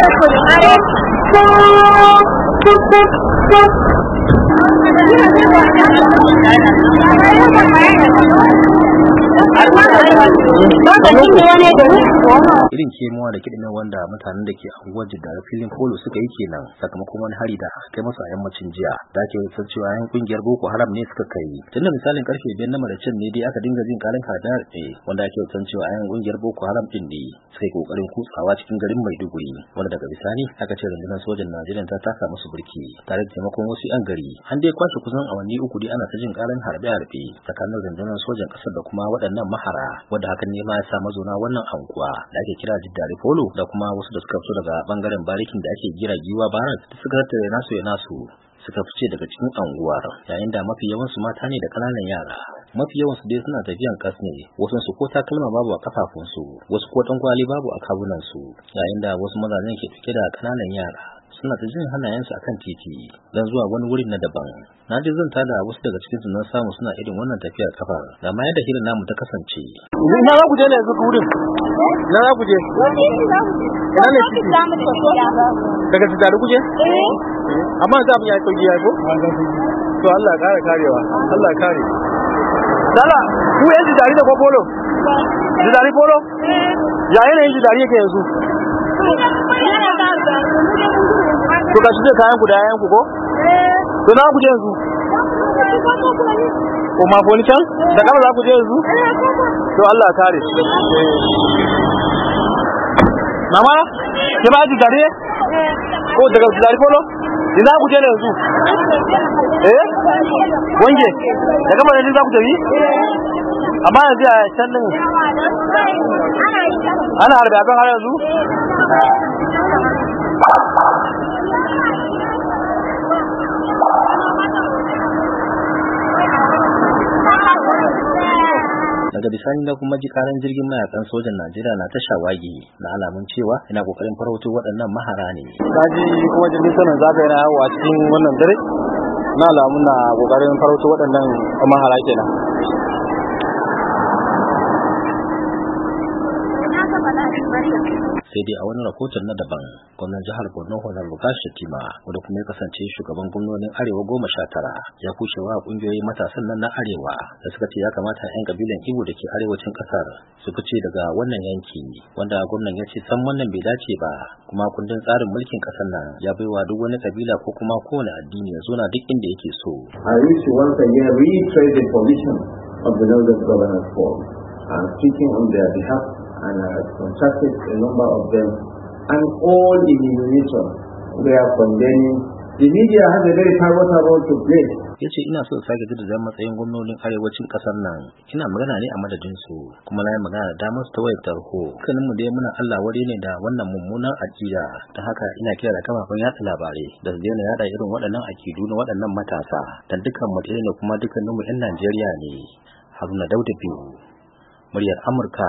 para colgar es... ¿Dónde irin kemuwa da kiɗin wanda mutanen da ke anguwar da filin polo suka yi kenan sakamakon wani hari da aka kai masu yammacin jiya da ke san cewa yan kungiyar boko haram ne suka kai tun da misalin karfe biyar na maracin ne dai aka dinga jin kalin kada ne wanda ake san cewa yan kungiyar boko haram din ne suka yi kokarin kutsawa cikin garin maiduguri wanda daga bisani aka ce rundunar sojan najeriya ta taka musu burki tare da taimakon wasu yan gari an dai kwashe kusan awanni uku dai ana ta jin kalin harbe-harbe tsakanin rundunar sojan ƙasar da kuma waɗannan mahara wanda hakan ne ma ya sa mazauna wannan anguwa da ake kira Jiddari Polo da kuma wasu da suka fito daga bangaren barikin da ake gira giwa barak da suka tattare nasu ya nasu suka fice daga cikin anguwar yayin da mafi yawansu mata ne da kananan yara mafi yawansu dai suna tafiyan kas ne wasu su ko takalma babu a kafafunsu wasu ko dan kwali babu a kabunansu yayin da wasu mazajen ke cike da kananan yara suna ta jin hannayensu akan titi don zuwa wani wurin na daban na ji zan tada wasu daga cikin sunan samu suna irin wannan tafiyar kafa da ma yadda hirin namu ta kasance. Ina za ku je ne yanzu wurin. Na za ku je? Ina ne ciki? Daga Sidaru ku je? Eh. Eh. Amma za mu ya sauki ya ko? To Allah kare karewa. Allah kare. Lala, ku yan Sidaru da ko polo? Eh. Sidaru polo? Ya yanayin Sidaru yake yanzu? To ga shi zai kayan ku da yayan ku ko? To na ku je yanzu? ko ma ko can da kama za ku je yanzu to Allah kare mama ke ba ji dare ko daga ko kolo ni za ku je yanzu eh wange da kama da za ku tafi amma yanzu a can din ana harbe kan har yanzu daga bisani na kuma ji jirgin mayakan sojan najeriya na tasha shawagi na alamun cewa yana kokarin farauto waɗannan mahara ne na ji kuma jirgin sanin zagaya na yawo a cikin wannan dare na alamun na kokarin farauto waɗannan mahara kenan sai dai a wani rahoton na daban gwamnan jihar borno honar buka shatima wanda kuma ya kasance shugaban gwamnonin arewa goma sha tara ya kushewa kungiyoyin matasan nan na arewa da suka ce ya kamata yan kabilan ibo da ke arewacin kasar su fice daga wannan yanki wanda gwamnan ya ce san wannan bai dace ba kuma kundin tsarin mulkin kasar nan ya bai wa duk wani kabila ko kuma kowane addini ya zona duk inda yake so. I wish once again the position of the Northern Governors and speaking on their behalf and have contracted a number of them, and all in Indonesia are condemning. The media has a very powerful role to play. ya ce ina so sake jaddada matsayin gwamnonin arewacin kasar nan ina magana ne a madadin su kuma na yi magana da damar su ta wayar tarho dukkanin mu dai muna Allah wari ne da wannan mummunan ajiya ta haka ina kira da kafafen yatsa labarai da su daina yada irin waɗannan akidu na waɗannan matasa da dukkan mu ne kuma dukkanin mu 'yan Najeriya ne Haruna Dauda biyu muryar Amurka